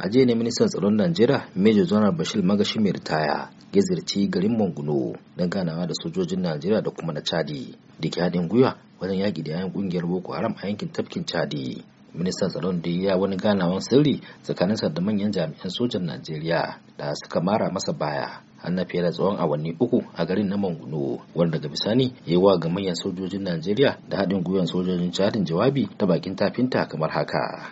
a jiya ne ministan tsaron najeriya major general bashir magashi mai ritaya ya zirci garin manguno don ganawa da sojojin najeriya da kuma na chadi da ke haɗin gwiwa wajen yaƙi da yayan ƙungiyar boko haram a yankin tafkin chadi ministan tsaron da ya wani ganawan sirri tsakaninsa da manyan jami'an sojan najeriya da suka mara masa baya an na fiye da tsawon awanni uku a garin na manguno wanda daga bisani ya yi wa ga manyan sojojin najeriya da haɗin gwiwan sojojin chadin jawabi ta bakin tafinta kamar haka.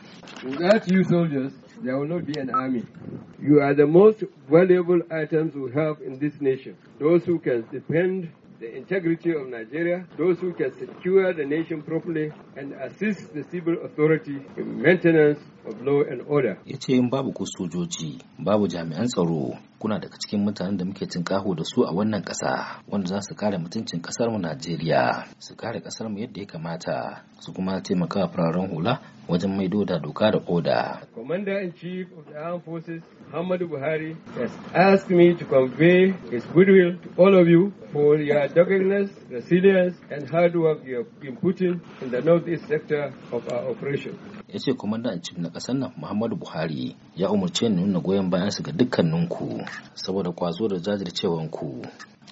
there will not be an army. You are the most valuable items we have in this nation. Those who can defend the integrity of Nigeria, those who can secure the nation properly and assist the civil authority in maintenance of law and order. in babu babu jami'an tsaro, kuna daga cikin mutanen da muke tinkaho da su a wannan ƙasa wanda za su kare mutuncin ƙasar mu Najeriya su kare ƙasar mu yadda ya kamata su kuma taimaka fararen hula wajen maido da doka da oda. Commander in Chief of the Armed Forces Muhammadu Buhari has asked me to convey his goodwill to all of you for your doggedness, resilience and hard work you have been putting in the northeast sector of our operation. ya ce kwamandan cif na kasar nan muhammadu buhari ya umarce ni nuna goyon su ga ku saboda kwazo da ku.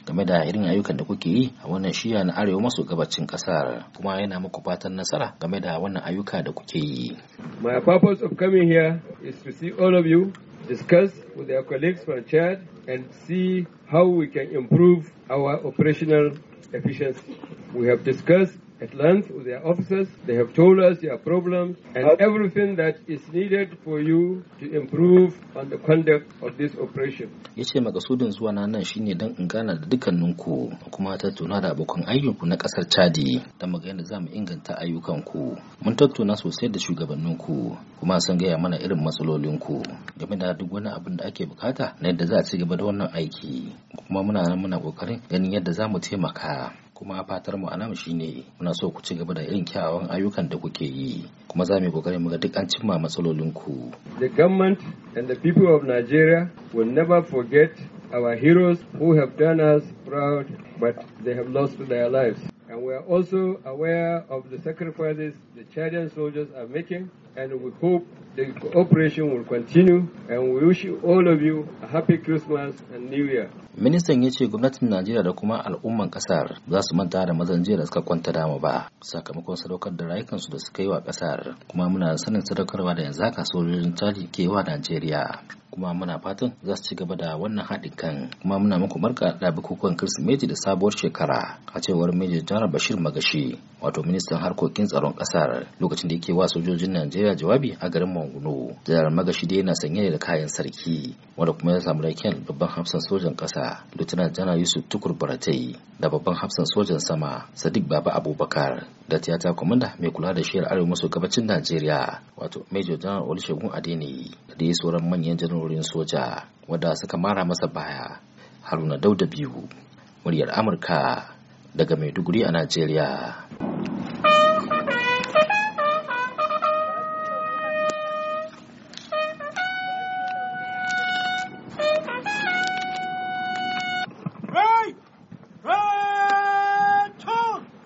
game da irin ayyukan da kuke yi a wannan shiya na arewa maso gabacin kasar kuma yana muku fatan nasara game da wannan ayyuka da kuke yi. My purpose of coming here is to see all of you discuss with your colleagues from Chad and see how we can improve our operational efficiency. We have discussed At length, with their officers, they have told us their problems and everything that is needed for you to improve on the conduct of this operation. Ya ce makasudin zuwa na nan shine don in gana da dukkaninku kuma tattauna da abokan ayyukanku na kasar Chadi da mu da za mu inganta ayyukanku. Mun tattauna sosai da shugabanninku kuma sun gaya mana irin matsalolinku game da duk wani abin da ake bukata na yadda za a ci gaba da wannan aiki kuma muna nan muna kokarin ganin yadda za mu taimaka. kuma fatar mu anan shine muna so ku ci gaba da irin kyawawan ayyukan da kuke yi kuma za mu kokari mu ga duk an cimma matsalolin ku the government and the people of Nigeria will never forget our heroes who have done us proud but they have lost their lives we are also aware of the sacrifices the Chadian soldiers are making, and we hope the cooperation will continue, and we wish all of you a happy Christmas and New Year. Ministan ya ce gwamnatin Najeriya da kuma al'umman kasar za su manta da mazan jiya da suka kwanta dama ba sakamakon sadaukar da rayukansu da suka yi wa kasar kuma muna sanin sadaukarwa da yanzu haka sojojin tali ke wa Najeriya. kuma muna fatan za su ci gaba da wannan haɗin kan kuma muna muku barka da bukukuwan kirsimeti da sabuwar shekara a cewar major general bashir magashi wato ministan harkokin tsaron ƙasar lokacin da yake wa sojojin najeriya jawabi a garin manguno jihar magashi dai yana sanye da kayan sarki wanda kuma ya samu rakiyar babban hafsan sojan ƙasa lieutenant general yusuf tukur baratai da babban hafsan sojan sama sadiq baba abubakar da tiyata kwamanda mai kula da shiyar arewa maso gabacin najeriya wato major general olusegun adini da dai sauran manyan janarorin soja wadda suka mara masa baya haruna dauda biyu muryar amurka daga maiduguri a najeriya